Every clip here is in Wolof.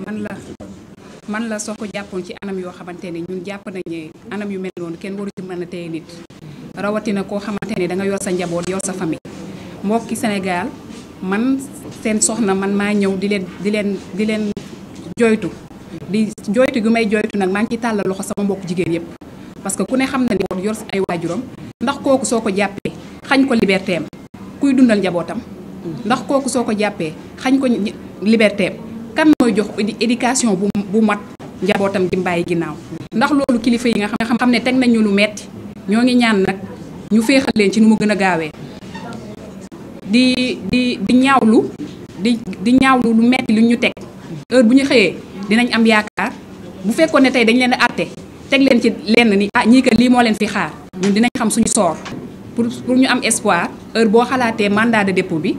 man la man la soo ko jàppoon ci anam yoo xamante ne ñun jàpp nañu anam yu mel kenn waru ci mën a téye nit rawatina koo xamante ne da nga yor sa njaboot yor sa famille mbokki Sénégal man seen soxna man maa ñëw di leen di leen di leen joytu di joytu gu may joytu nag maa ngi ciy tàllal loxo sama mbokk jigéen yépp parce que ku ne xam na ni yor ay waajuram ndax kooku soo ko jàppee xañ ko liberté kuy dundal njabootam ndax kooku soo ko jàppee xañ ko liberté kan mooy jox éducation bu bu mat njabootam gi mbàyyi ginnaaw ndax loolu kilifa yi nga xam ne teg nañu lu metti ñoo ngi ñaan nag ñu féexal leen ci nu mu gën a gaawee di di di ñaawlu di di ñaawlu lu metti lu ñu teg heure bu ñu xëyee dinañ am yaakaar bu fekkoon ne tey dañ leen a àtte teg leen ci lenn ni ah ñii lii moo leen fi xaar ñun dinañ xam suñu soor pour pour ñu am espoir heure boo xalaatee mandat de dépôt bi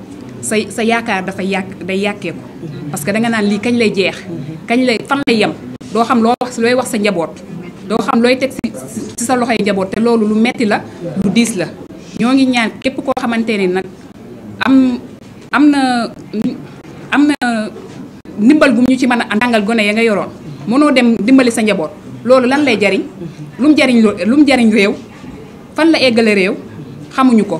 sa sa yaakaar dafa yàq day yàqee ko parce que da nga naan lii kañ lay jeex kañ lay fan lay yem doo xam loo wax looy wax sa njaboot doo xam looy teg si sa loxoy njaboot te loolu lu metti la lu diis la ñoo ngi ñaan képp koo xamante ne nag am am na am na ndimbal bu ñu ci mën a ndàngal gone ya nga yoroon mënoo dem dimbali sa njaboot loolu lan lay jariñ lu jariñ lu mu jariñ réew fan la eggale réew xamuñu ko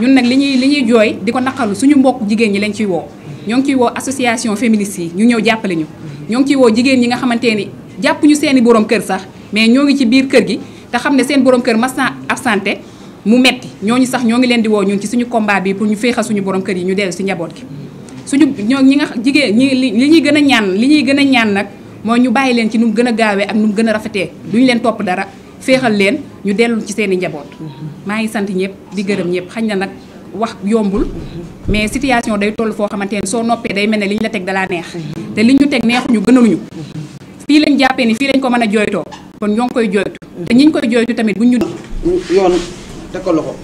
ñun nag li ñuy li ñuy jooy di ko naqalu suñu mbokk jigéen ñi lañ ciy wow ñoo ngi ciy woo association féministe yi ñu ñëw jàppale ñu ñoo ngi ciy woo jigéen ñi nga xamante ni jàpp ñu seen borom kër sax mais ñoo ngi ci biir kër gi te xam ne seen borom kër mas na absenté mu metti ñoo ñu sax ñoo ngi leen di woo ñun ci suñu combat bi pour ñu féexal suñu borom kër yi ñu dellu si njaboot gi suñu ñoo ñi nga jigéen ñi li ñuy gën a ñaan li ñuy gën a ñaan nag mooy ñu bàyyi leen ci nu mu gën a gaawee ak nu mu gën a rafetee duñu leen topp dara féexal leen ñu dellu ci seen i njaboot. maa ngi sant ñëpp di gërëm ñëpp xañ na nag wax yombul. mais situation day toll foo xamante ne soo noppee day mel ne li ñu la teg dalaa neex. te li ñu teg neexuñu gënaluñu. fii lañ jàppee ni fii lañ ko mën a jooytoo kon ñoo ngi koy jooytu. te ñi ñu koy jooytu tamit buñ ñu. yoon teg ko loxo.